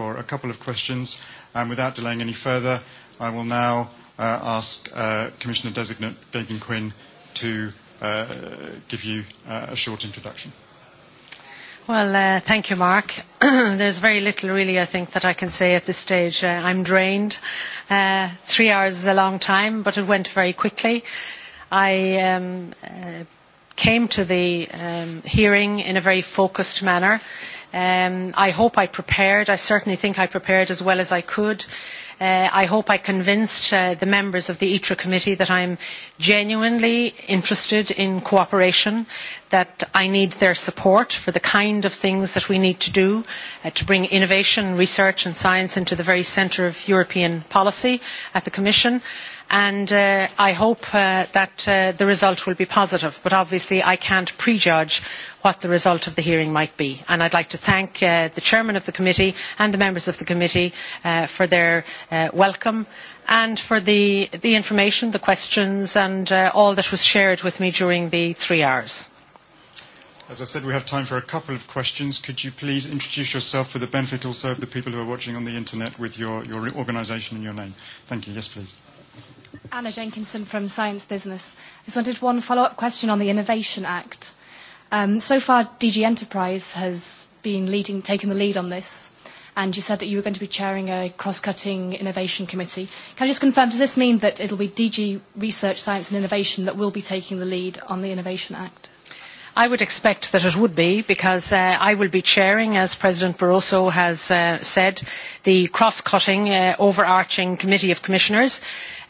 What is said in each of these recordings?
for a couple of questions. Um, without delaying any further, I will now uh, ask uh, Commissioner Designate Gagan Quinn to uh, give you uh, a short introduction. Well, uh, thank you, Mark. There's very little, really, I think, that I can say at this stage. Uh, I'm drained. Uh, three hours is a long time, but it went very quickly. I um, uh, came to the um, hearing in a very focused manner. Uh, Um, I hope I prepared. I certainly think I prepared as well as I could. Uh, I hope I convinced uh, the members of the ITRA committee that I'm genuinely interested in cooperation, that I need their support for the kind of things that we need to do uh, to bring innovation, research and science into the very centre of European policy at the Commission. Uh, and uh, I hope uh, that uh, the result will be positive. But obviously I can't prejudge what the result of the hearing might be. And I'd like to thank uh, the chairman of the committee and the members of the committee uh, for their uh, welcome and for the, the information, the questions and uh, all that was shared with me during the three hours. As I said, we have time for a couple of questions. Could you please introduce yourself for the benefit also of the people who are watching on the internet with your, your organisation and your name? Thank you. Yes, please. Anna Jenkinson from Science Business. I just wanted one follow-up question on the Innovation Act. Um, so far, DG Enterprise has been leading, taking the lead on this, and you said that you were going to be chairing a cross-cutting innovation committee. Can I just confirm, does this mean that it'll be DG Research, Science and Innovation that will be taking the lead on the Innovation Act? I would expect that it would be because uh, I will be chairing, as President Barroso has uh, said, the cross-cutting, uh, overarching committee of commissioners,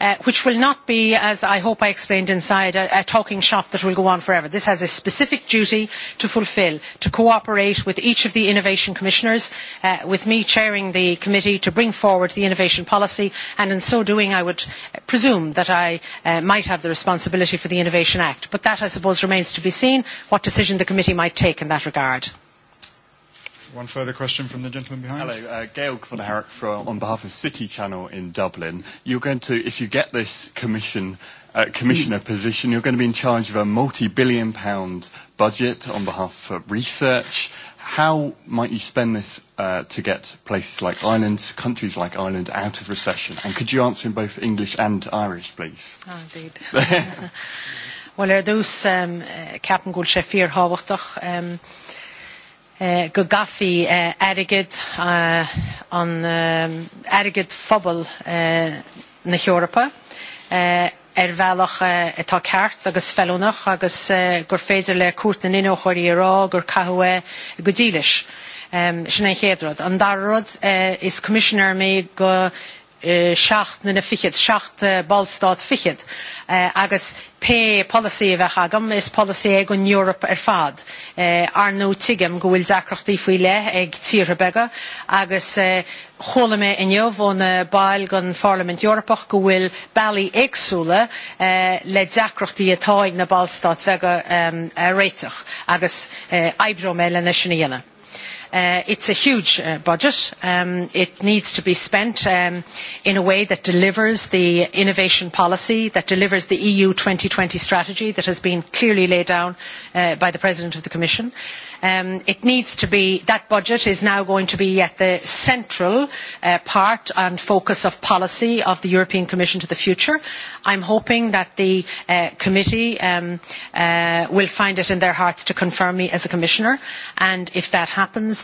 uh, which will not be, as I hope I explained inside, a, a talking shop that will go on forever. This has a specific duty to fulfil, to cooperate with each of the innovation commissioners, uh, with me chairing the committee to bring forward the innovation policy, and in so doing I would presume that I uh, might have the responsibility for the Innovation Act. But that, I suppose, remains to be seen what decision the committee might take in that regard. One further question from the gentleman behind. Hello, uh, Gail von Herrick from, on behalf of City Channel in Dublin. You're going to, if you get this commission, uh, commissioner hmm. position, you're going to be in charge of a multi-billion pound budget on behalf of research. How might you spend this uh, to get places like Ireland, countries like Ireland, out of recession? And could you answer in both English and Irish, please? Oh, indeed. Well, ar dús um, ceapan gúil sé fír háhachtach um, uh, go gafií uh, aigid uh, an um, aigid fphobal uh, na Heorpa. Uh, ar bhealach atá ceart agus fellúnach agus gur féidir le cuat na inó choirí rá gur cahua go dílis um, sinna chéadrad. An darrod uh, is commissioner mé go Eh, seach na na fichiid seach eh, ballstad fichiid eh, agus pe policy a bheith agam is policy ag an Europe ar er fad. Ar nó tigam go bhfuil dacrochtaí faoi le ag tíre bega agus chola mé inneo bhna bail gan Parliament Europach go bhfuil bailí éagsúla le dacrochtaí atáid na ballstad bhega réiteach agus ebro mé le na sinna dhéanana. Uh, it's a huge uh, budget. Um, it needs to be spent um, in a way that delivers the innovation policy, that delivers the EU 2020 strategy that has been clearly laid down uh, by the President of the Commission. Um, it needs to be, that budget is now going to be at the central uh, part and focus of policy of the European Commission to the future. I'm hoping that the uh, committee um, uh, will find it in their hearts to confirm me as a commissioner and if that happens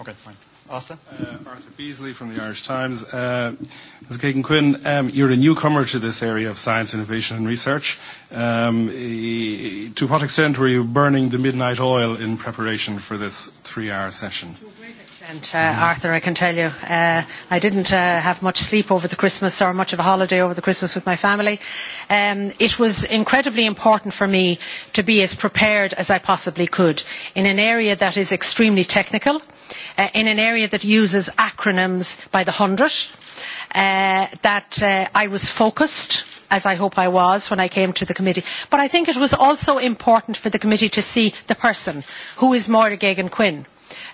Okay, fine. Arthur? Uh, Arthur Beasley from the Irish Times. Uh, Ms. Kagan Quinn, um, you're a newcomer to this area of science, innovation, and research. Um, e- to what extent were you burning the midnight oil in preparation for this three hour session? To a great extent, uh, mm-hmm. Arthur, I can tell you. Uh, I didn't uh, have much sleep over the Christmas or much of a holiday over the Christmas with my family. Um, it was incredibly important for me to be as prepared as I possibly could in an area that is extremely technical. Uh, uh, in an area that uses acronyms by the hundred, uh, that uh, I was focused as I hope I was when I came to the committee. But I think it was also important for the committee to see the person, who is Moira Gagan Quinn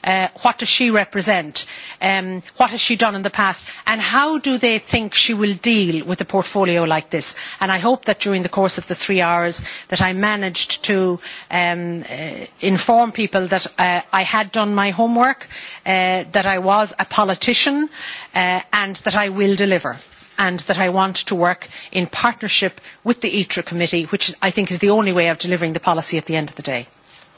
Uh, what does she represent? Um, what has she done in the past? And how do they think she will deal with a portfolio like this? And I hope that during the course of the three hours that I managed to um, uh, inform people that uh, I had done my homework, uh, that I was a politician, uh, and that I will deliver and that I want to work in partnership with the ITRA e committee, which I think is the only way of delivering the policy at the end of the day.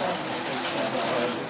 you.